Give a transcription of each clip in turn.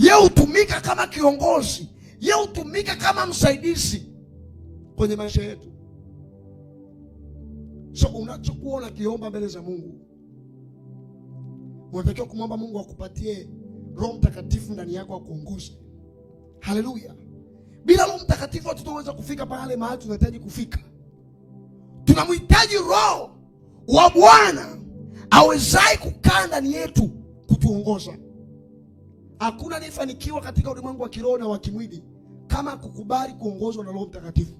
ye hutumika kama kiongozi, ye hutumika kama msaidizi kwenye maisha yetu. So unachokuwa unakiomba mbele za Mungu, unatakiwa kumwomba Mungu akupatie Roho Mtakatifu ndani yako akuongoze. Haleluya! Bila Roho Mtakatifu hatutaweza kufika pale mahali tunahitaji kufika. Tunamhitaji Roho wa Bwana awezaye kukaa ndani yetu kutuongoza. Hakuna anayefanikiwa katika ulimwengu wa kiroho na wa kimwili kama kukubali kuongozwa na Roho Mtakatifu.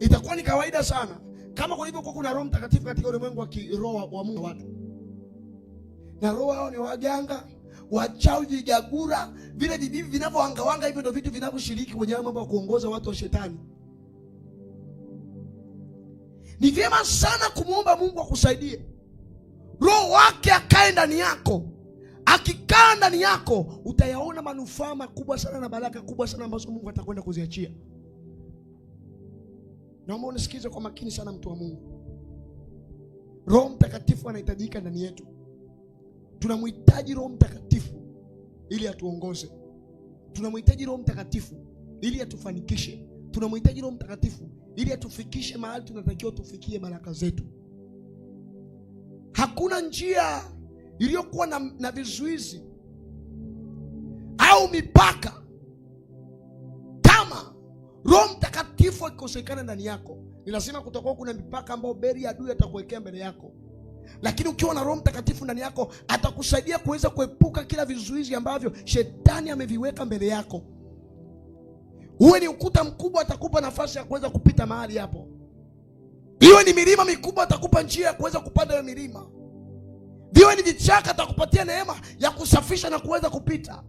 Itakuwa ni kawaida sana kama kulivyokuwa kuna Roho Mtakatifu katika ulimwengu wa kiroho wa Mungu watu. Na roho hao ni waganga, wachawi, vijagura, vile vibibi vinavyoangawanga hivyo ndio vitu vinavyoshiriki kwenye mambo ya kuongoza watu wa shetani. Ni vyema sana kumwomba Mungu akusaidie. Roho wake akae ndani yako, akikaa ndani yako, utayaona manufaa makubwa sana na baraka kubwa sana ambazo Mungu atakwenda kuziachia. Naomba unisikize kwa makini sana, mtu wa Mungu. Roho Mtakatifu anahitajika ndani yetu. Tunamhitaji Roho Mtakatifu ili atuongoze, tunamhitaji Roho Mtakatifu ili atufanikishe, tunamhitaji Roho Mtakatifu ili atufikishe mahali tunatakiwa tufikie baraka zetu. Hakuna njia iliyokuwa na, na vizuizi au mipaka. Kama Roho Mtakatifu akikosekana ndani yako, ni lazima kutakuwa kuna mipaka ambayo beri ya adui atakuwekea mbele yako, lakini ukiwa na Roho Mtakatifu ndani yako atakusaidia kuweza kuepuka kila vizuizi ambavyo shetani ameviweka mbele yako. Uwe ni ukuta mkubwa, atakupa nafasi ya kuweza kupita mahali hapo. Iwe ni milima mikubwa, atakupa njia ya kuweza kupanda hiyo milima viwe ni vichaka, atakupatia neema ya kusafisha na kuweza kupita.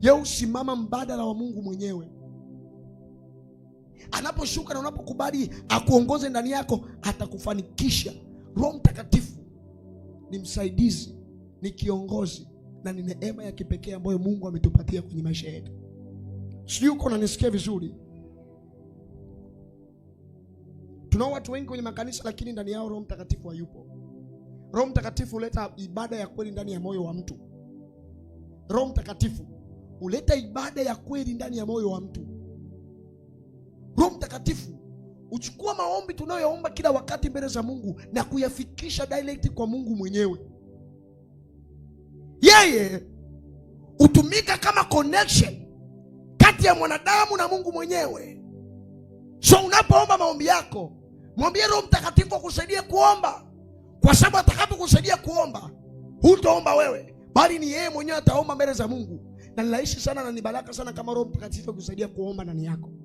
Yeye usimama mbadala wa Mungu mwenyewe anaposhuka na unapokubali akuongoze ndani yako, atakufanikisha. Roho Mtakatifu ni msaidizi, ni kiongozi na ni neema ya kipekee ambayo Mungu ametupatia kwenye maisha yetu. Sijui uko unanisikia vizuri? Tunao watu wengi kwenye makanisa, lakini ndani yao Roho Mtakatifu hayupo. Roho Mtakatifu huleta ibada ya kweli ndani ya moyo wa mtu. Roho Mtakatifu huleta ibada ya kweli ndani ya moyo wa mtu. Roho Mtakatifu uchukua maombi tunayoomba kila wakati mbele za Mungu na kuyafikisha direct kwa Mungu mwenyewe. Yeye hutumika kama connection kati ya mwanadamu na Mungu mwenyewe. So unapoomba maombi yako, mwambie Roho Mtakatifu akusaidia kuomba kwa sababu atakapokusaidia kuomba, hutoomba wewe, bali ni yeye mwenyewe ataomba mbele za Mungu, na ni rahisi sana na ni baraka sana kama Roho Mtakatifu akusaidia kuomba ndani yako.